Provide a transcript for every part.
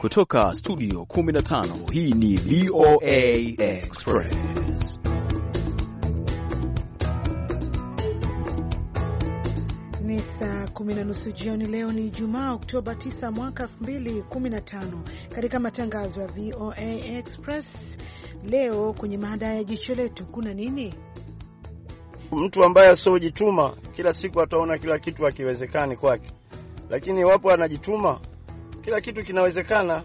Kutoka studio 15 hii ni VOA Express. Ni saa kumi na nusu jioni. Leo ni Jumaa, Oktoba 9 mwaka 2015. Katika matangazo ya VOA Express leo kwenye mada ya jicho letu kuna nini? Mtu ambaye asiojituma kila siku ataona kila kitu hakiwezekani kwake, lakini iwapo anajituma kila kitu kinawezekana.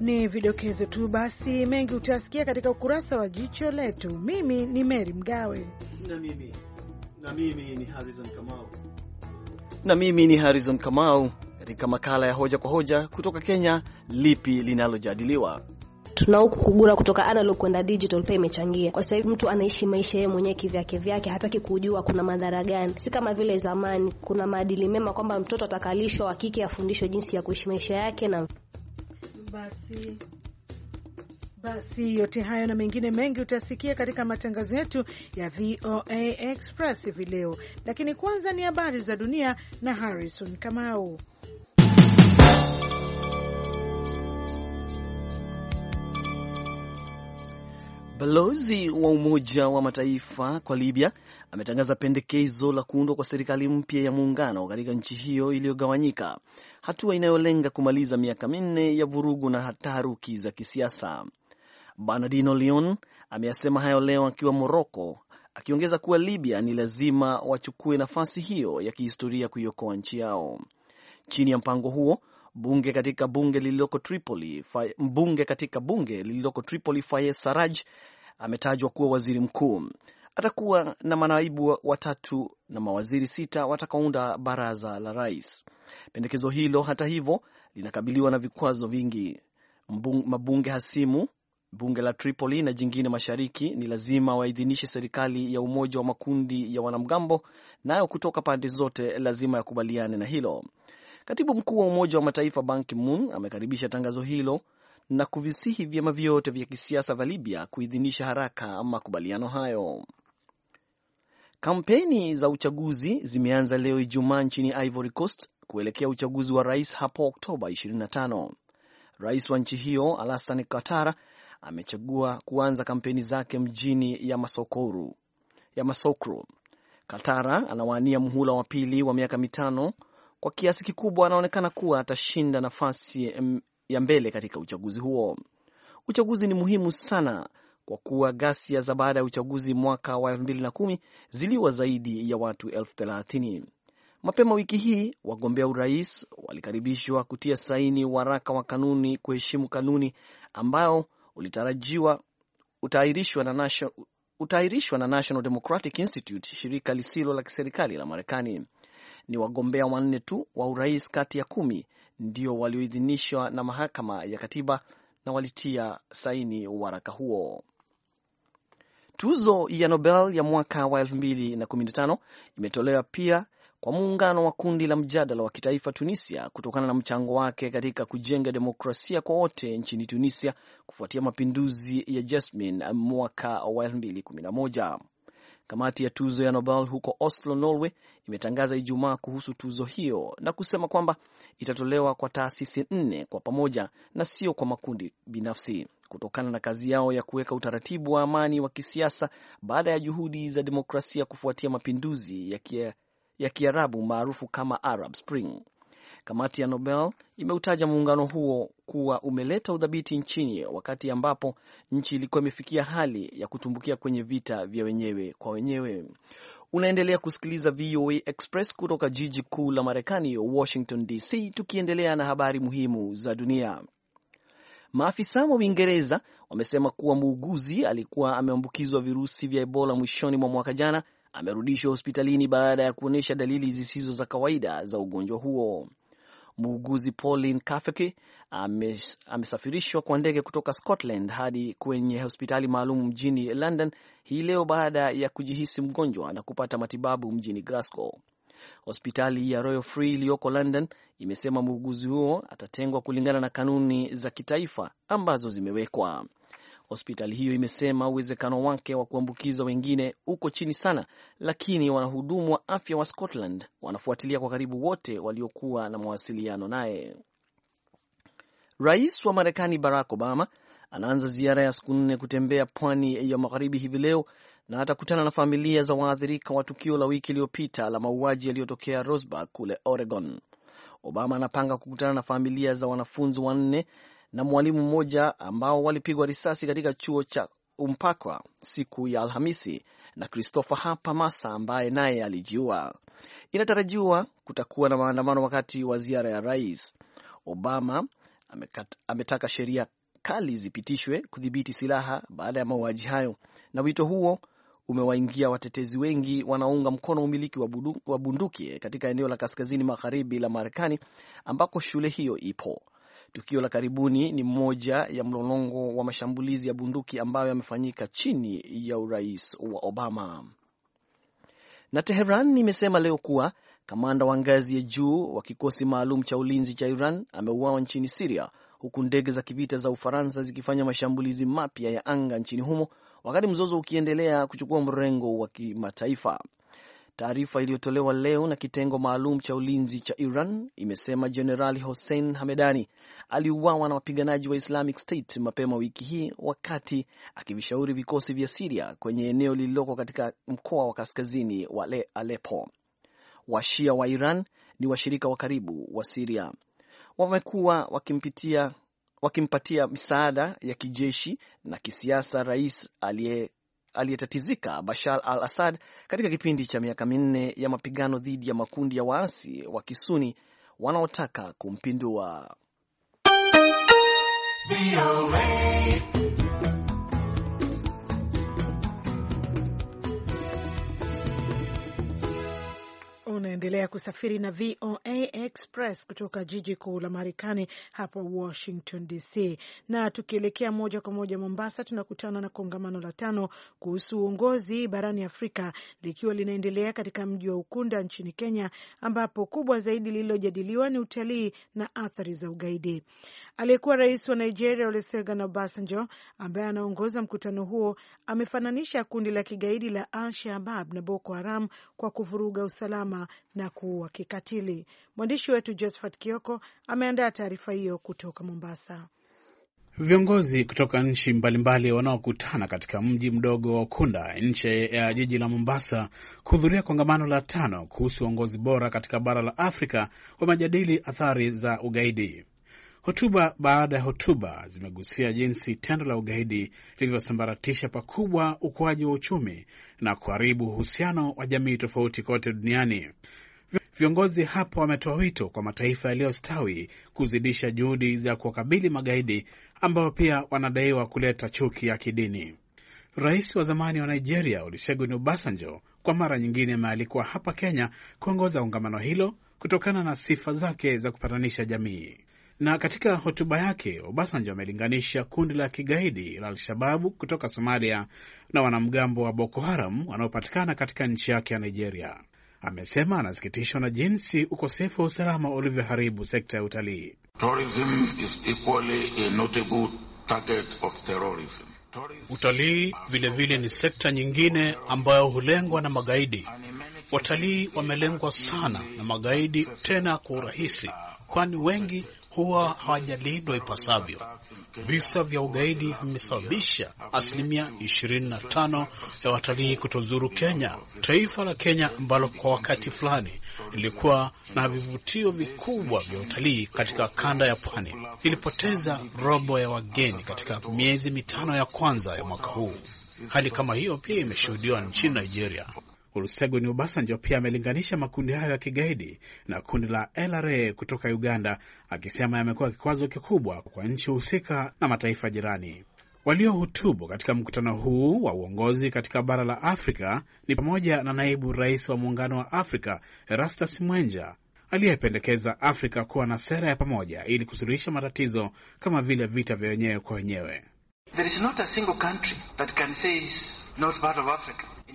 Ni vidokezo tu basi, mengi utasikia katika ukurasa wa jicho letu. Mimi ni Meri Mgawe na mimi, na mimi ni Harrison Kamau, na mimi ni Harrison Kamau katika makala ya hoja kwa hoja kutoka Kenya, lipi linalojadiliwa? na huku kugura kutoka analog kwenda digital, pia imechangia kwa sasa hivi mtu anaishi maisha yeye mwenyewe kivyake vyake, hataki kujua kuna madhara gani, si kama vile zamani. Kuna maadili mema kwamba mtoto atakalishwa wa kike afundishwe jinsi ya kuishi maisha yake na basi basi yote hayo na mengine mengi utasikia katika matangazo yetu ya VOA Express hivi leo, lakini kwanza ni habari za dunia na Harrison Kamau. Balozi wa Umoja wa Mataifa kwa Libya ametangaza pendekezo la kuundwa kwa serikali mpya ya muungano katika nchi hiyo iliyogawanyika, hatua inayolenga kumaliza miaka minne ya vurugu na taharuki za kisiasa. Bernardino Leon ameyasema hayo leo akiwa Moroko, akiongeza kuwa Libya ni lazima wachukue nafasi hiyo ya kihistoria kuiokoa nchi yao. Chini ya mpango huo bunge katika bunge lililoko Tripoli, mbunge katika bunge lililoko Tripoli Fayez saraj ametajwa kuwa waziri mkuu. Atakuwa na manaibu watatu na mawaziri sita watakaunda baraza la rais. Pendekezo hilo hata hivyo linakabiliwa na vikwazo vingi. Mbung, mabunge hasimu bunge la Tripoli na jingine mashariki ni lazima waidhinishe serikali ya umoja wa makundi ya wanamgambo, nayo kutoka pande zote lazima yakubaliane na hilo. Katibu mkuu wa Umoja wa Mataifa Ban Ki-moon amekaribisha tangazo hilo na kuvisihi vyama vyote vya kisiasa vya Libya kuidhinisha haraka makubaliano hayo. Kampeni za uchaguzi zimeanza leo Ijumaa nchini Ivory Coast kuelekea uchaguzi wa rais hapo Oktoba 25. Rais wa nchi hiyo Alassane Ouattara amechagua kuanza kampeni zake mjini Yamoussoukro. Ouattara anawania muhula wa pili wa miaka mitano kwa kiasi kikubwa anaonekana kuwa atashinda nafasi ya mbele katika uchaguzi huo. Uchaguzi ni muhimu sana kwa kuwa ghasia za baada ya uchaguzi mwaka wa 2010 ziliwa zaidi ya watu elfu thelathini. Mapema wiki hii wagombea urais walikaribishwa kutia saini waraka wa kanuni kuheshimu kanuni ambao ulitarajiwa utaahirishwa na utaahirishwa na National Democratic Institute, shirika lisilo la kiserikali la Marekani ni wagombea wanne tu wa urais kati ya kumi ndio walioidhinishwa na mahakama ya katiba na walitia saini waraka huo. Tuzo ya Nobel ya mwaka wa 2015 imetolewa pia kwa muungano wa kundi la mjadala wa kitaifa Tunisia kutokana na mchango wake katika kujenga demokrasia kwa wote nchini Tunisia kufuatia mapinduzi ya Jasmin mwaka wa 2011. Kamati ya tuzo ya Nobel huko Oslo, Norway, imetangaza Ijumaa kuhusu tuzo hiyo na kusema kwamba itatolewa kwa taasisi nne kwa pamoja na sio kwa makundi binafsi kutokana na kazi yao ya kuweka utaratibu wa amani wa kisiasa baada ya juhudi za demokrasia kufuatia mapinduzi ya Kiarabu maarufu kama Arab Spring. Kamati ya Nobel imeutaja muungano huo kuwa umeleta udhabiti nchini wakati ambapo nchi ilikuwa imefikia hali ya kutumbukia kwenye vita vya wenyewe kwa wenyewe. Unaendelea kusikiliza VOA Express kutoka jiji kuu la Marekani, Washington DC, tukiendelea na habari muhimu za dunia. Maafisa wa Uingereza wamesema kuwa muuguzi alikuwa ameambukizwa virusi vya Ebola mwishoni mwa mwaka jana amerudishwa hospitalini baada ya kuonyesha dalili zisizo za kawaida za ugonjwa huo. Muuguzi Pauline Kafeki amesafirishwa kwa ndege kutoka Scotland hadi kwenye hospitali maalum mjini London hii leo baada ya kujihisi mgonjwa na kupata matibabu mjini Glasgow. Hospitali ya Royal Free iliyoko London imesema muuguzi huo atatengwa kulingana na kanuni za kitaifa ambazo zimewekwa. Hospitali hiyo imesema uwezekano wake wa kuambukiza wengine uko chini sana, lakini wanahudumu wa afya wa Scotland wanafuatilia kwa karibu wote waliokuwa na mawasiliano naye. Rais wa Marekani Barack Obama anaanza ziara ya siku nne kutembea pwani ya magharibi hivi leo na atakutana na familia za waathirika wa tukio la wiki iliyopita la mauaji yaliyotokea Rosebud kule Oregon. Obama anapanga kukutana na familia za wanafunzi wanne na mwalimu mmoja ambao walipigwa risasi katika chuo cha Umpakwa siku ya Alhamisi na Christopher Hapa Masa ambaye naye alijiua. Inatarajiwa kutakuwa na maandamano wakati wa ziara ya rais. Obama ametaka sheria kali zipitishwe kudhibiti silaha baada ya mauaji hayo, na wito huo umewaingia watetezi wengi wanaounga mkono umiliki wa bunduki katika eneo la kaskazini magharibi la Marekani ambako shule hiyo ipo. Tukio la karibuni ni moja ya mlolongo wa mashambulizi ya bunduki ambayo yamefanyika chini ya urais wa Obama. Na Teheran imesema leo kuwa kamanda wa ngazi ya juu wa kikosi maalum cha ulinzi cha Iran ameuawa nchini Siria, huku ndege za kivita za Ufaransa zikifanya mashambulizi mapya ya anga nchini humo, wakati mzozo ukiendelea kuchukua mrengo wa kimataifa. Taarifa iliyotolewa leo na kitengo maalum cha ulinzi cha Iran imesema Jenerali Hossein Hamedani aliuawa na wapiganaji wa Islamic State mapema wiki hii wakati akivishauri vikosi vya Siria kwenye eneo lililoko katika mkoa wa kaskazini wa Alepo. Washia wa Iran ni washirika wa karibu wa Siria, wamekuwa wakimpatia misaada ya kijeshi na kisiasa rais aliye aliyetatizika Bashar al Assad katika kipindi cha miaka minne ya mapigano dhidi ya makundi ya waasi wa Kisuni wanaotaka kumpindua. Unaendelea kusafiri na VOA Express kutoka jiji kuu la Marekani hapa Washington DC, na tukielekea moja kwa moja Mombasa, tunakutana na kongamano la tano kuhusu uongozi barani Afrika likiwa linaendelea katika mji wa Ukunda nchini Kenya, ambapo kubwa zaidi lililojadiliwa ni utalii na athari za ugaidi. Aliyekuwa rais wa Nigeria Olusegun Obasanjo, ambaye anaongoza mkutano huo, amefananisha kundi la kigaidi la Al Shabab na Boko Haram kwa kuvuruga usalama na kuua kikatili. Mwandishi wetu Josephat Kioko ameandaa taarifa hiyo kutoka Mombasa. Viongozi kutoka nchi mbalimbali wanaokutana katika mji mdogo wa Ukunda nje ya jiji la Mombasa kuhudhuria kongamano la tano kuhusu uongozi bora katika bara la Afrika wamejadili athari za ugaidi. Hotuba baada ya hotuba zimegusia jinsi tendo la ugaidi lilivyosambaratisha pakubwa ukuaji wa uchumi na kuharibu uhusiano wa jamii tofauti kote duniani. Viongozi hapo wametoa wito kwa mataifa yaliyostawi kuzidisha juhudi za kuwakabili magaidi ambao pia wanadaiwa kuleta chuki ya kidini. Rais wa zamani wa Nigeria Olusegun Obasanjo kwa mara nyingine amealikwa hapa Kenya kuongoza kongamano hilo kutokana na sifa zake za kupatanisha jamii. Na katika hotuba yake Obasanjo amelinganisha kundi la kigaidi la Al-Shababu kutoka Somalia na wanamgambo wa Boko Haram wanaopatikana katika nchi yake ya Nigeria. Amesema anasikitishwa na jinsi ukosefu wa usalama ulivyoharibu sekta ya utalii. Utalii vilevile ni sekta nyingine ambayo hulengwa na magaidi. Watalii wamelengwa sana na magaidi, tena kwa urahisi, kwani wengi huwa hawajalindwa ipasavyo. Visa vya ugaidi vimesababisha asilimia 25 ya watalii kutozuru Kenya, taifa la Kenya ambalo kwa wakati fulani lilikuwa na vivutio vikubwa vya utalii katika kanda ya pwani, ilipoteza robo ya wageni katika miezi mitano ya kwanza ya mwaka huu. Hali kama hiyo pia imeshuhudiwa nchini Nigeria. Olusegun Obasanjo pia amelinganisha makundi hayo ya kigaidi na kundi la LRA kutoka Uganda, akisema yamekuwa kikwazo kikubwa kwa nchi husika na mataifa jirani. Waliohutubu katika mkutano huu wa uongozi katika bara la Afrika ni pamoja na naibu rais wa Muungano wa Afrika Erastus Mwenja aliyependekeza Afrika kuwa na sera ya pamoja ili kusuluhisha matatizo kama vile vita vya wenyewe kwa wenyewe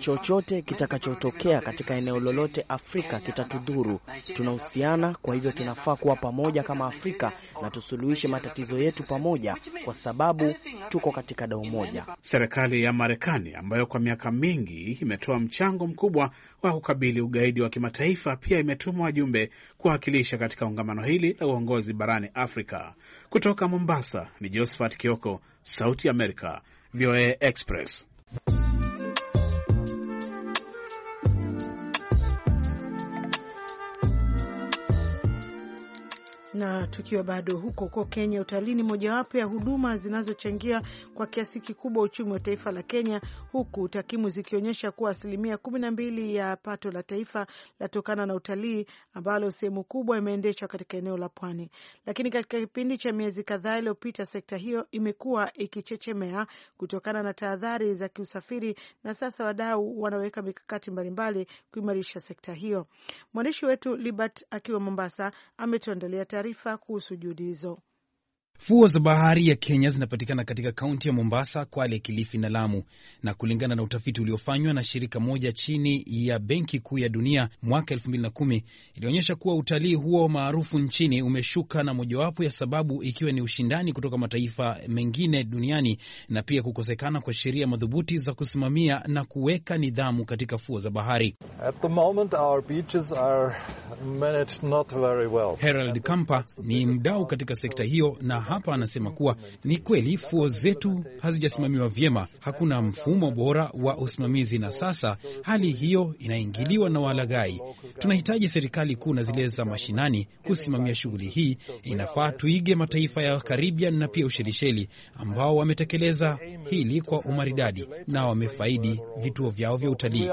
chochote kitakachotokea katika eneo lolote Afrika kitatudhuru. Tunahusiana, kwa hivyo tunafaa kuwa pamoja kama Afrika na tusuluhishe matatizo yetu pamoja, kwa sababu tuko katika dau moja. Serikali ya Marekani ambayo kwa miaka mingi imetoa mchango mkubwa wa kukabili ugaidi wa kimataifa pia imetuma wajumbe kuwakilisha katika kongamano hili la uongozi barani Afrika. Kutoka Mombasa ni Josephat Kioko, Sauti ya Amerika, VOA Express. Na tukiwa bado huko huko Kenya, utalii ni mojawapo ya huduma zinazochangia kwa kiasi kikubwa uchumi wa taifa la Kenya, huku takwimu zikionyesha kuwa asilimia kumi na mbili ya pato la taifa latokana na utalii, ambalo sehemu kubwa imeendeshwa katika eneo la pwani. Lakini katika kipindi cha miezi kadhaa iliyopita, sekta hiyo imekuwa ikichechemea kutokana na tahadhari za kiusafiri, na sasa wadau wanaweka mikakati mbalimbali kuimarisha sekta hiyo. Mwandishi wetu Libert akiwa Mombasa ametuandalia taarifa taarifa kuhusu juhudi hizo. Fuo za bahari ya Kenya zinapatikana katika kaunti ya Mombasa, Kwale, Kilifi na Lamu. Na kulingana na utafiti uliofanywa na shirika moja chini ya Benki Kuu ya Dunia mwaka 2010 ilionyesha kuwa utalii huo maarufu nchini umeshuka, na mojawapo ya sababu ikiwa ni ushindani kutoka mataifa mengine duniani na pia kukosekana kwa sheria madhubuti za kusimamia na kuweka nidhamu katika fuo za bahari. Herald Kampa ni mdau katika sekta hiyo na hapa anasema kuwa ni kweli fuo zetu hazijasimamiwa vyema, hakuna mfumo bora wa usimamizi, na sasa hali hiyo inaingiliwa na walaghai. Tunahitaji serikali kuu na zile za mashinani kusimamia shughuli hii. Inafaa tuige mataifa ya Karibian na pia Ushelisheli ambao wametekeleza hili kwa umaridadi na wamefaidi vituo vyao vya utalii.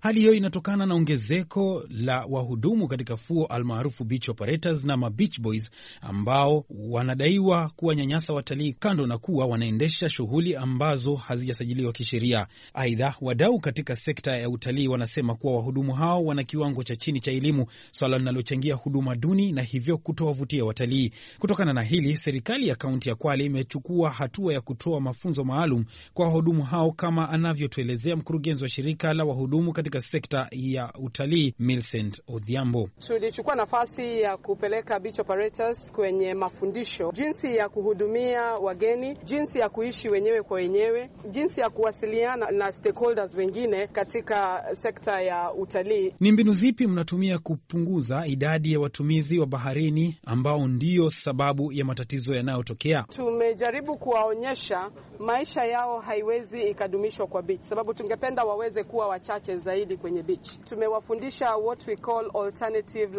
Hali hiyo inatokana na ongezeko la wahudumu katika fuo almaarufu beach operators na ma boys ambao wanadaiwa wanadaiwa kuwanyanyasa watalii, kando na kuwa wanaendesha shughuli ambazo hazijasajiliwa kisheria. Aidha, wadau katika sekta ya utalii wanasema kuwa wahudumu hao wana kiwango cha chini cha elimu, swala linalochangia huduma duni na hivyo kutowavutia watalii. Kutokana na hili, serikali ya kaunti ya Kwale imechukua hatua ya kutoa mafunzo maalum kwa wahudumu hao, kama anavyotuelezea mkurugenzi wa shirika la wahudumu katika sekta ya utalii Milcent Odhiambo. Tulichukua nafasi ya kupeleka beach operators kwenye ma mafundisho jinsi ya kuhudumia wageni, jinsi ya kuishi wenyewe kwa wenyewe, jinsi ya kuwasiliana na stakeholders wengine katika sekta ya utalii. Ni mbinu zipi mnatumia kupunguza idadi ya watumizi wa baharini ambao ndiyo sababu ya matatizo yanayotokea? Tumejaribu kuwaonyesha maisha yao haiwezi ikadumishwa kwa beach, sababu tungependa waweze kuwa wachache zaidi kwenye beach. Tumewafundisha what we call alternative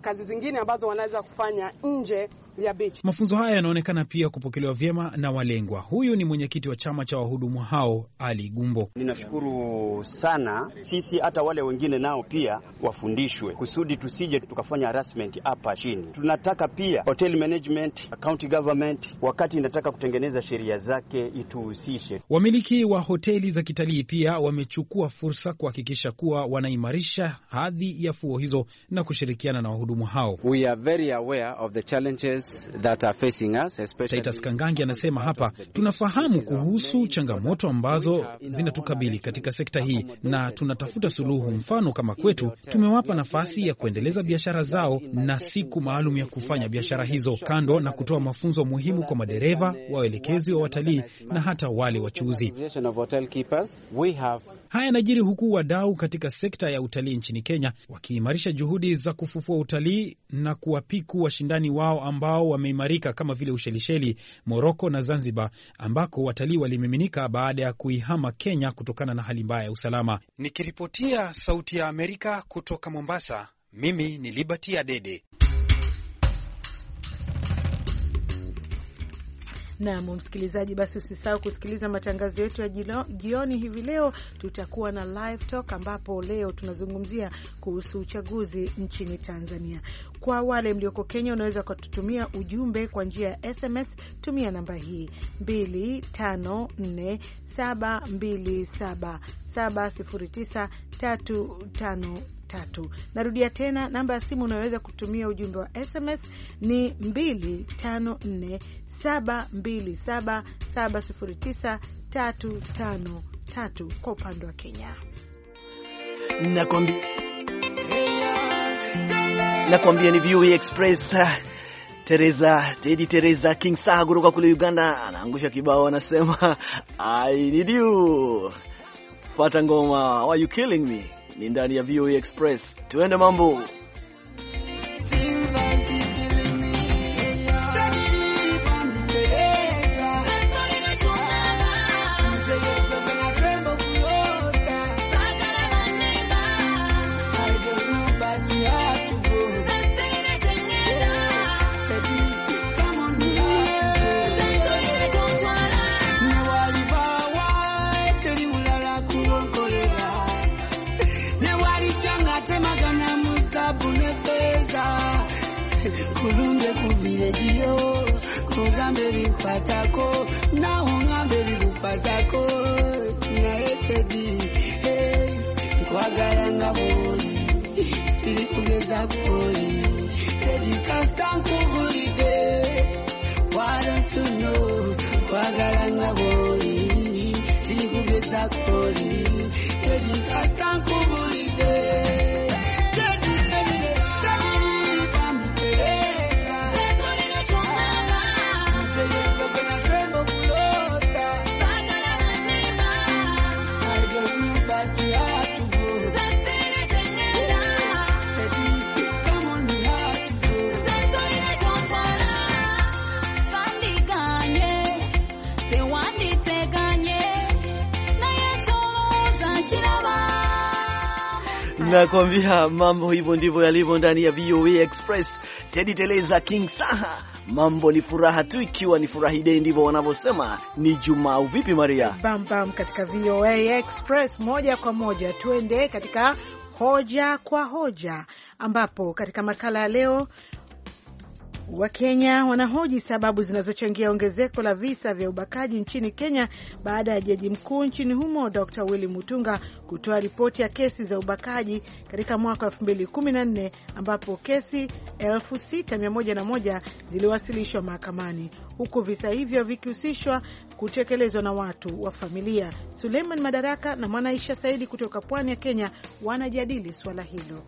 kazi zingine ambazo wanaweza kufanya nje ya beach. Mafunzo haya yanaonekana pia kupokelewa vyema na walengwa. Huyu ni mwenyekiti wa chama cha wahudumu hao Ali Gumbo. Ninashukuru sana sisi, hata wale wengine nao pia wafundishwe kusudi tusije tukafanya harassment hapa chini. Tunataka pia hotel management, county government wakati inataka kutengeneza sheria zake ituhusishe. Wamiliki wa hoteli za kitalii pia wamechukua fursa kuhakikisha kuwa wanaimarisha hadhi ya fuo hizo na kushirikiana na wahudumu hao. We are very aware of the challenges Titus Kangangi anasema hapa, tunafahamu kuhusu changamoto ambazo zinatukabili katika sekta hii na tunatafuta suluhu. Mfano kama kwetu, tumewapa nafasi ya kuendeleza biashara zao na siku maalum ya kufanya biashara hizo, kando na kutoa mafunzo muhimu kwa madereva, waelekezi wa watalii na hata wale wachuuzi. Haya yanajiri huku wadau katika sekta ya utalii nchini Kenya wakiimarisha juhudi za kufufua utalii na kuwapiku washindani wao ambao wameimarika kama vile Ushelisheli, Moroko na Zanzibar, ambako watalii walimiminika baada ya kuihama Kenya kutokana na hali mbaya ya usalama. Nikiripotia Sauti ya Amerika kutoka Mombasa, mimi ni Liberty Adede. Naam msikilizaji, basi usisahau kusikiliza matangazo yetu ya jioni hivi leo. Tutakuwa na live talk, ambapo leo tunazungumzia kuhusu uchaguzi nchini Tanzania. Kwa wale mlioko Kenya, unaweza ukatutumia ujumbe kwa njia ya SMS. Tumia namba hii 254727709353 Narudia tena namba ya simu unayoweza kutumia ujumbe wa SMS ni 254 727709353 kwa upande wa Kenya. Nakwambia ni VOA Express. Teresa Tedi, Teresa King Saha kutoka kule Uganda anaangusha kibao, anasema I need you. Pata ngoma, why you killing me? Ni ndani ya VOA Express, tuende mambo Nakwambia mambo hivyo ndivyo yalivyo ndani ya VOA Express. Teddy Teleza, King Saha, mambo ni furaha tu, ikiwa ni furahi dei, ndivyo wanavyosema. Ni Juma vipi Maria bam bam katika VOA Express moja kwa moja. Tuende katika hoja kwa hoja, ambapo katika makala ya leo Wakenya wanahoji sababu zinazochangia ongezeko la visa vya ubakaji nchini Kenya baada ya jaji mkuu nchini humo Dr Willy Mutunga kutoa ripoti ya kesi za ubakaji katika mwaka 2014 ambapo kesi 6101 ziliwasilishwa mahakamani huku visa hivyo vikihusishwa kutekelezwa na watu wa familia. Suleiman Madaraka na Mwanaisha Saidi kutoka pwani ya Kenya wanajadili suala hilo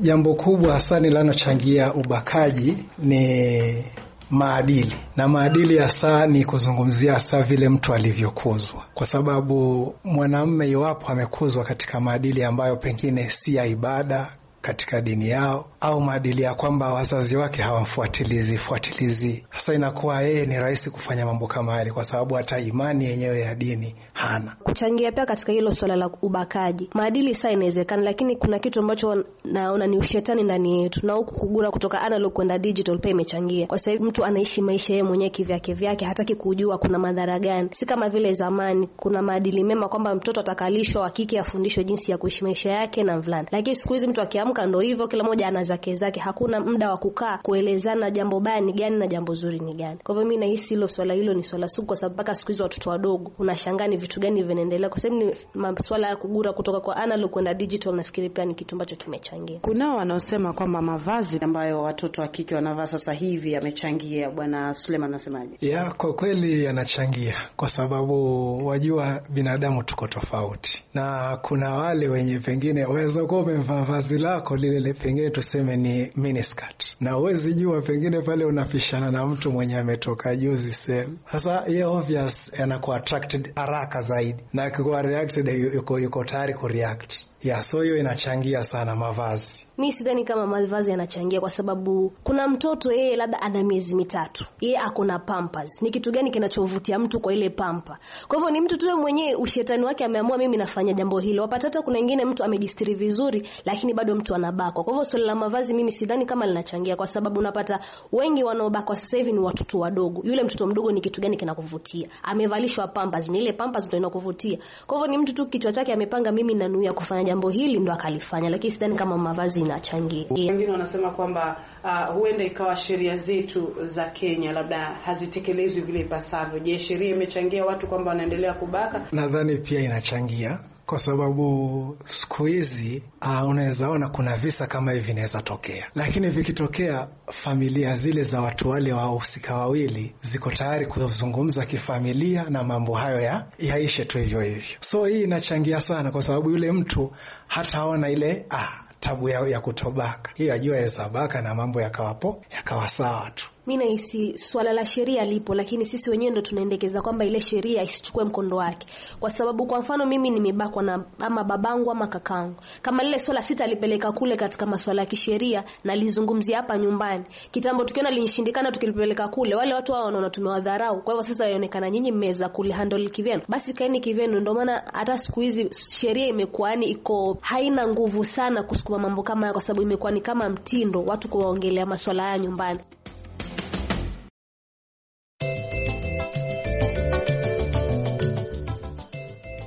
jambo kubwa hasa linalochangia ubakaji ni maadili na maadili hasa ni kuzungumzia hasa vile mtu alivyokuzwa, kwa sababu mwanamume iwapo amekuzwa katika maadili ambayo pengine si ya ibada katika dini yao au maadili ya kwamba wazazi wake hawamfuatilizi fuatilizi. Sasa inakuwa yeye ni rahisi kufanya mambo kama yale, kwa sababu hata imani yenyewe ya dini hana. Kuchangia pia katika hilo swala la ubakaji, maadili saa inawezekana, lakini kuna kitu ambacho naona ni ushetani ndani yetu, na huku kugura kutoka analog kwenda digital pia imechangia. Kwa sababu mtu anaishi maisha yeye mwenyewe kivyake vyake, hataki kujua kuna madhara gani, si kama vile zamani kuna maadili mema kwamba mtoto atakalishwa, wa kike afundishwe jinsi ya kuishi maisha yake na mvulana, lakini siku hizi mtu akiamka ndo hivyo, kila mmoja anaza zake zake, hakuna muda wa kukaa kuelezana jambo baya ni gani na jambo zuri ni gani. Kwa hivyo mimi nahisi hilo swala hilo ni swala sugu, kwa sababu mpaka siku hizo watoto wadogo unashangaa ni vitu gani vinaendelea, kwa sababu ni masuala ya kugura kutoka kwa analog kwenda digital. Nafikiri pia ni kitu ambacho kimechangia. Kunao wanaosema kwamba mavazi ambayo watoto wa kike wanavaa sasa hivi yamechangia. Bwana Suleiman anasemaje? Ya, kwa kweli yanachangia, kwa sababu wajua binadamu tuko tofauti, na kuna wale wenye pengine waweza kuwa umevaa vazi lako lile pengine tuseme tuseme ni miniskirt, na uwezi jua, pengine pale unapishana na mtu mwenye ametoka juzi sehemu. Sasa ye obvious anakuwa attracted haraka zaidi, na akikuwa reacted yuko, yuko tayari kureact ya so hiyo inachangia sana mavazi. Mi sidhani kama mavazi yanachangia, kwa sababu kuna mtoto yeye labda ana miezi mitatu, yeye ako na pampers. Ni kitu gani kinachovutia mtu kwa ile pampa? Kwa hivyo ni mtu tu mwenyewe ushetani wake ameamua, mimi nafanya jambo hilo. Wapata hata kuna wengine mtu amejistiri vizuri, lakini bado mtu anabakwa. Kwa hivyo swala la mavazi mimi sidhani kama linachangia, kwa sababu unapata wengi wanaobakwa sasa hivi ni watoto wadogo. Yule mtoto mdogo, ni kitu gani kinakuvutia? Amevalishwa pampers, ni ile pampers ndio inakuvutia. Kwa hivyo ni mtu tu kichwa chake amepanga, mimi nanuia kufanya jambo hili ndo akalifanya, lakini sidhani kama mavazi inachangia. Wengine wanasema kwamba uh, huenda ikawa sheria zetu za Kenya labda hazitekelezwi vile ipasavyo. Je, sheria imechangia watu kwamba wanaendelea kubaka? Nadhani pia inachangia kwa sababu siku hizi uh, unaweza ona kuna visa kama hivi vinaweza tokea, lakini vikitokea, familia zile za watu wale wahusika wawili ziko tayari kuzungumza kifamilia na mambo hayo ya yaishe tu hivyo hivyo. So hii inachangia sana, kwa sababu yule mtu hataona ile ah, tabu ya, ya kutobaka hiyo, ajua yawezabaka na mambo yakawapo yakawa sawa tu mi nahisi swala la sheria lipo, lakini sisi wenyewe ndo tunaendekeza kwamba ile sheria isichukue mkondo wake, kwa sababu kwa mfano mimi nimebakwa na ama babangu ama kakangu, kama lile swala sitalipeleka kule katika masuala ya kisheria na lizungumzia hapa nyumbani kitambo, tukiona linishindikana, tukilipeleka kule, wale watu hao wanaona tumewadharau. Kwa hivyo sasa yaonekana nyinyi mmeweza kulihandle kivyenu, basi kaeni kivyenu. Ndio maana hata siku hizi sheria imekuwa ni iko haina nguvu sana kusukuma mambo kama haya, kwa sababu imekuwa ni kama mtindo watu kuwaongelea masuala haya nyumbani.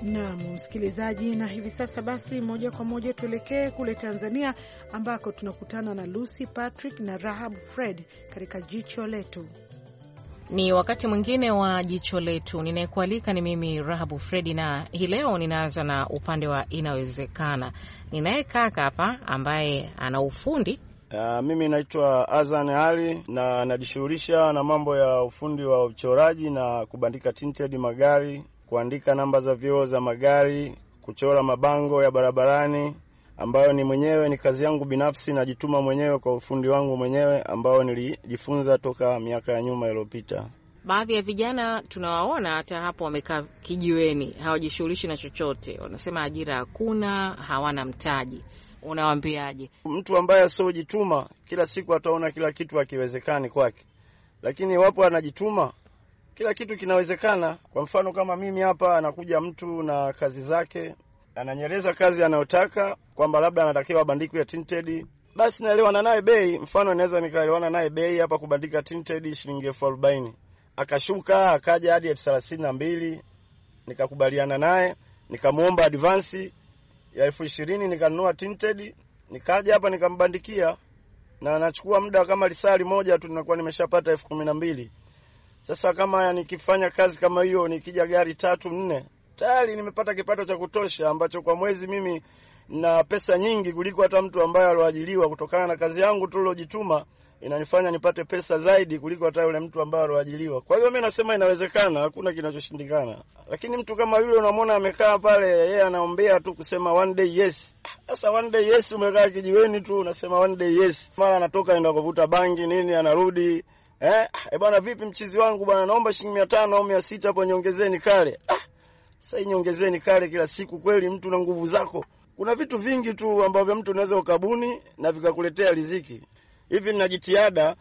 Naam, msikilizaji, na hivi sasa basi, moja kwa moja tuelekee kule Tanzania ambako tunakutana na Lucy Patrick na Rahab Fred katika jicho letu. Ni wakati mwingine wa jicho letu. Ninayekualika ni mimi Rahabu Fredi, na hii leo ninaanza na upande wa inawezekana. Ninaye kaka hapa ambaye ana ufundi Uh, mimi naitwa Azan Ali na najishughulisha na mambo ya ufundi wa uchoraji na kubandika tinted magari, kuandika namba za vioo za magari, kuchora mabango ya barabarani ambayo ni mwenyewe ni kazi yangu binafsi, najituma mwenyewe kwa ufundi wangu mwenyewe ambao nilijifunza toka miaka ya nyuma iliyopita. Baadhi ya vijana tunawaona hata hapo wamekaa kijiweni, hawajishughulishi na chochote, wanasema ajira hakuna, hawana mtaji. Unawaambiaje mtu ambaye asiojituma? Kila siku ataona kila kitu akiwezekani kwake, lakini wapo anajituma kila kitu kinawezekana. Kwa mfano kama mimi hapa, anakuja mtu na kazi zake, ananyeleza kazi anayotaka kwamba labda anatakiwa bandiko ya tinted, basi naelewana naye bei. Mfano naweza nikaelewana naye bei hapa kubandika tinted shilingi elfu arobaini akashuka akaja hadi elfu thelathini na mbili nikakubaliana naye, nikamwomba advansi ya elfu ishirini nikanunua tinted, nikaja hapa nikambandikia, na nachukua muda kama lisali moja tu nakuwa nimeshapata elfu kumi na mbili. Sasa kama nikifanya kazi kama hiyo, nikija gari tatu nne, tayari nimepata kipato cha kutosha ambacho kwa mwezi mimi na pesa nyingi kuliko hata mtu ambaye alioajiliwa kutokana na kazi yangu tu lojituma inanifanya nipate pesa zaidi kuliko hata yule mtu ambaye aloajiliwa. Kwa hiyo mimi nasema inawezekana, hakuna kinachoshindikana. Lakini mtu kama yule unamwona amekaa pale, yeye anaombea tu kusema one day yes. Sasa one day yes, umekaa kijiweni tu unasema one day yes, mara anatoka aenda kuvuta bangi nini, anarudi eh, e bwana, vipi mchizi wangu bwana, naomba shilingi 500 au 600 hapo, nyongezeni kale. Ah, sasa nyongezeni kale kila siku, kweli mtu na nguvu zako kuna vitu vingi tu ambavyo mtu unaweza ukabuni na vikakuletea riziki hivi nina jitihada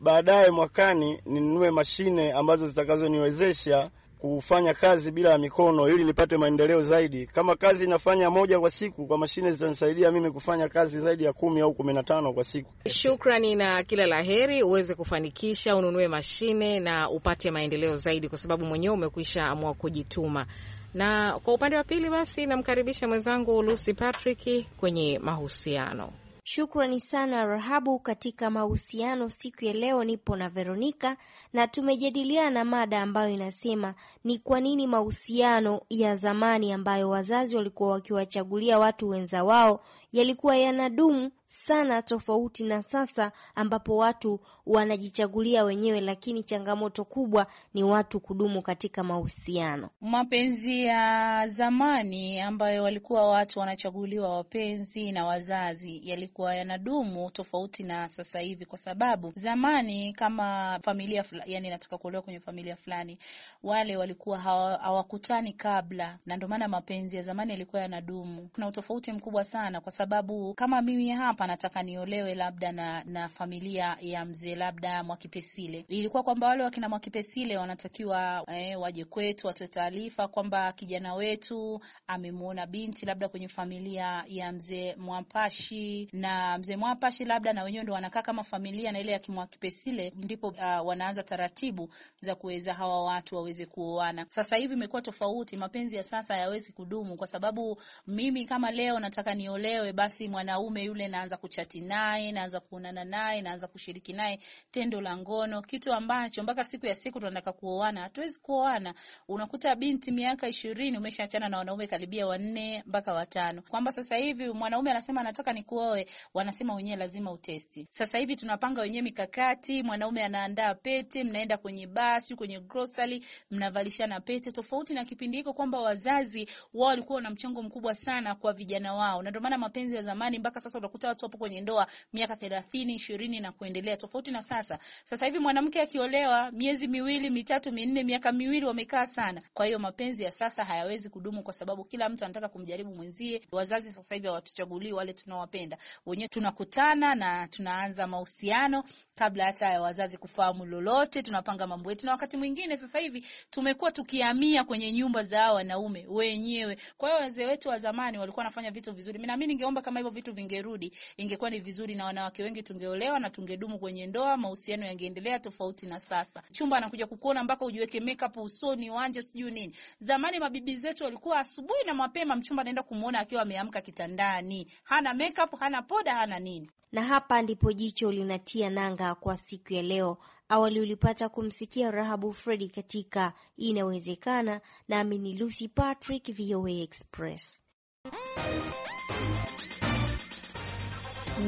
baadaye mwakani ninunue mashine ambazo zitakazoniwezesha kufanya kazi bila ya mikono ili nipate maendeleo zaidi. Kama kazi inafanya moja kwa siku, kwa mashine zitanisaidia mimi kufanya kazi zaidi ya kumi au kumi na tano kwa siku. Shukrani na kila la heri, uweze kufanikisha ununue mashine na upate maendeleo zaidi, kwa sababu mwenyewe umekwisha amua kujituma. Na kwa upande wa pili, basi namkaribisha mwenzangu Lucy Patrick kwenye mahusiano. Shukrani sana Rahabu. Katika mahusiano siku ya leo nipo na Veronika na tumejadiliana mada ambayo inasema ni kwa nini mahusiano ya zamani ambayo wazazi walikuwa wakiwachagulia watu wenza wao yalikuwa yanadumu sana tofauti na sasa ambapo watu wanajichagulia wenyewe, lakini changamoto kubwa ni watu kudumu katika mahusiano. Mapenzi ya zamani ambayo walikuwa watu wanachaguliwa wapenzi na wazazi yalikuwa yanadumu tofauti na sasa hivi, kwa sababu zamani kama familia fula, yani nataka kuolewa kwenye familia fulani, wale walikuwa hawakutani kabla, na ndio maana mapenzi ya zamani yalikuwa yanadumu. Kuna utofauti mkubwa sana kwa sababu kama mimi hapa nataka niolewe labda na, na familia ya mzee labda Mwakipesile, ilikuwa kwamba wale wakina Mwakipesile wanatakiwa eh, waje kwetu watoe taarifa kwamba kijana wetu amemwona binti labda kwenye familia ya mzee Mwapashi, na mzee Mwapashi labda na wenyewe ndo wanakaa kama familia na ile ya Kimwakipesile, ndipo uh, wanaanza taratibu za kuweza hawa watu waweze kuoana. Sasa hivi imekuwa tofauti, mapenzi ya sasa hayawezi kudumu kwa sababu mimi kama leo nataka niolewe basi mwanaume yule naanza kuchati naye, naanza kuonana naye, naanza kushiriki naye tendo la ngono, kitu ambacho mpaka siku ya siku tunataka kuoana, hatuwezi kuoana. Unakuta binti miaka ishirini umeshaachana na wanaume karibia wanne mpaka watano, kwamba sasa hivi mwanaume anasema anataka nikuoe, wanasema wenyewe lazima utesti. Sasa hivi tunapanga wenyewe mikakati, mwanaume anaandaa pete, mnaenda kwenye basi, kwenye grocery, mnavalishana pete, tofauti na kipindi hiko kwamba wazazi wao walikuwa na mchango mkubwa sana kwa vijana wao, na ndio maana mapenzi mapenzi ya zamani mpaka sasa unakuta watu wapo kwenye ndoa miaka 30, 20 na kuendelea tofauti na sasa. Sasa hivi mwanamke akiolewa miezi miwili, mitatu, minne, miaka miwili wamekaa sana. Kwa hiyo mapenzi ya sasa hayawezi kudumu kwa sababu kila mtu anataka kumjaribu mwenzie. Wazazi sasa hivi hawatuchagulii wale tunawapenda. Wenyewe tunakutana na tunaanza mahusiano kabla hata ya wazazi kufahamu lolote, tunapanga mambo yetu na wakati mwingine sasa hivi tumekuwa tukihamia kwenye nyumba za wanaume wenyewe. Kwa hiyo wazee wetu wa zamani walikuwa wanafanya vitu vizuri. Mimi naamini ningeo kwamba kama hivyo vitu vingerudi, ingekuwa ni vizuri na wanawake wengi tungeolewa na tungedumu kwenye ndoa, mahusiano yangeendelea tofauti na sasa. Chumba anakuja kukuona mpaka ujiweke makeup usoni, uanje sijui nini. Zamani mabibi zetu walikuwa asubuhi na mapema, mchumba anaenda kumuona akiwa ameamka kitandani, hana makeup, hana poda, hana nini. Na hapa ndipo jicho linatia nanga kwa siku ya leo. Awali ulipata kumsikia Rahabu Fredi katika Inawezekana, nami ni Lucy Patrick, VOA Express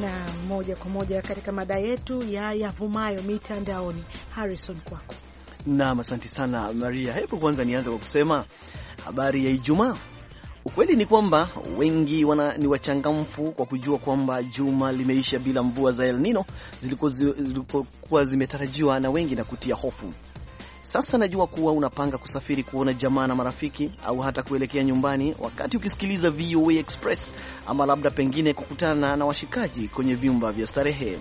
na moja kwa moja katika mada yetu ya yavumayo mitandaoni. Harrison, kwako. Naam, asante sana Maria. Hebu kwanza nianze kwa kusema habari ya Ijumaa. Ukweli ni kwamba wengi wana, ni wachangamfu kwa kujua kwamba juma limeisha bila mvua za El Nino zilikuwa zimetarajiwa na wengi na kutia hofu. Sasa najua kuwa unapanga kusafiri kuona jamaa na marafiki au hata kuelekea nyumbani wakati ukisikiliza VOA Express ama labda pengine kukutana na washikaji kwenye vyumba vya starehe.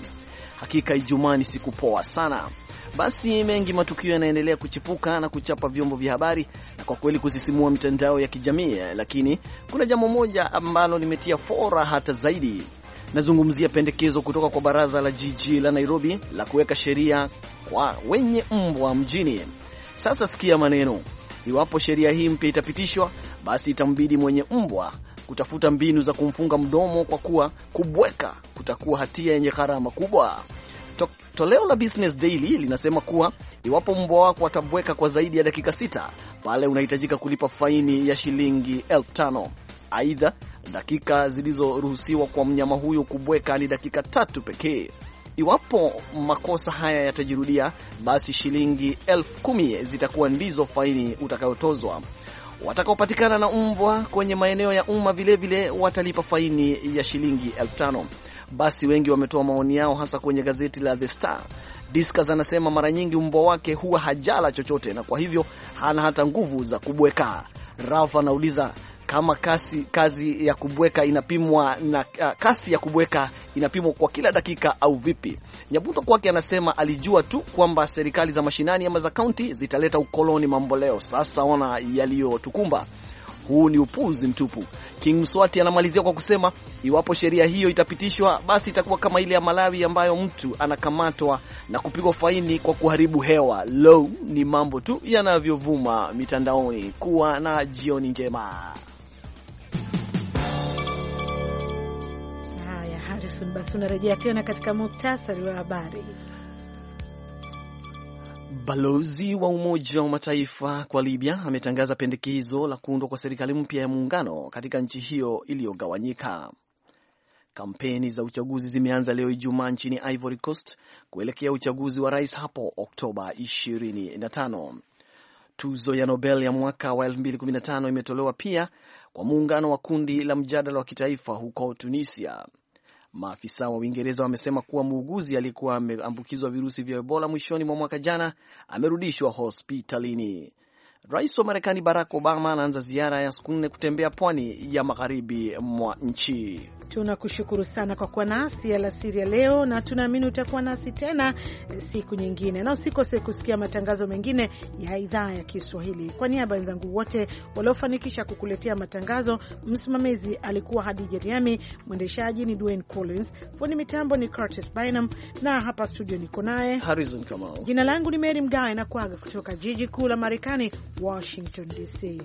Hakika Ijumaa ni siku poa sana. Basi mengi matukio yanaendelea kuchipuka na kuchapa vyombo vya habari na kwa kweli kusisimua mitandao ya kijamii, eh, lakini kuna jambo moja ambalo limetia fora hata zaidi. Nazungumzia pendekezo kutoka kwa baraza la jiji la Nairobi la kuweka sheria kwa wenye mbwa mjini. Sasa sikia maneno. Iwapo sheria hii mpya itapitishwa, basi itambidi mwenye mbwa kutafuta mbinu za kumfunga mdomo, kwa kuwa kubweka kutakuwa hatia yenye gharama kubwa. To, toleo la Business Daily linasema kuwa iwapo mbwa wako atabweka kwa zaidi ya dakika sita, pale unahitajika kulipa faini ya shilingi elfu tano. Aidha, dakika zilizoruhusiwa kwa mnyama huyo kubweka ni dakika tatu pekee. Iwapo makosa haya yatajirudia, basi shilingi elfu kumi zitakuwa ndizo faini utakayotozwa. Watakaopatikana na mbwa kwenye maeneo ya umma vilevile watalipa faini ya shilingi elfu tano. Basi wengi wametoa maoni yao hasa kwenye gazeti la The Star. Discus anasema mara nyingi mbwa wake huwa hajala chochote na kwa hivyo hana hata nguvu za kubweka. Rafa anauliza kama kasi, kazi ya kubweka inapimwa na ah, kasi ya kubweka inapimwa kwa kila dakika au vipi? Nyabuto kwake anasema alijua tu kwamba serikali za mashinani ama za kaunti zitaleta ukoloni mamboleo. Sasa ona yaliyotukumba. Huu ni upuzi mtupu. King Mswati anamalizia kwa kusema iwapo sheria hiyo itapitishwa, basi itakuwa kama ile ya Malawi ambayo mtu anakamatwa na kupigwa faini kwa kuharibu hewa. Low ni mambo tu yanavyovuma mitandaoni. Kuwa na jioni njema. Harrison, basi unarejea tena katika muktasari wa habari. Balozi wa Umoja wa Mataifa kwa Libya ametangaza pendekezo la kuundwa kwa serikali mpya ya muungano katika nchi hiyo iliyogawanyika. Kampeni za uchaguzi zimeanza leo Ijumaa nchini Ivory Coast kuelekea uchaguzi wa rais hapo Oktoba 25. Tuzo ya Nobel ya mwaka wa 2015 imetolewa pia kwa muungano wa kundi la mjadala wa kitaifa huko Tunisia Maafisa wa Uingereza wamesema kuwa muuguzi aliyekuwa ameambukizwa virusi vya Ebola mwishoni mwa mwaka jana amerudishwa hospitalini. Rais wa Marekani Barack Obama anaanza ziara ya siku nne kutembea pwani ya magharibi mwa nchi. Tunakushukuru sana kwa kuwa nasi alasiri ya leo, na tunaamini utakuwa nasi tena siku nyingine, na usikose kusikia matangazo mengine ya idhaa ya Kiswahili. Kwa niaba ya wenzangu wote waliofanikisha kukuletea matangazo, msimamizi alikuwa Hadija Riami, mwendeshaji ni Dwayne Collins, fundi mitambo ni Curtis Bynum, na hapa studio niko naye Harrison Kamau. Jina langu ni Mary Mgawe na kuaga kutoka jiji kuu la Marekani Washington DC.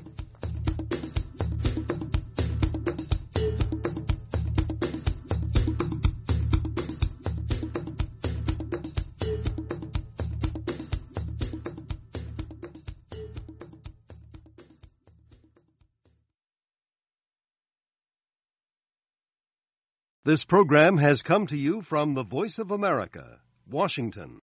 This program has come to you from the Voice of America, Washington.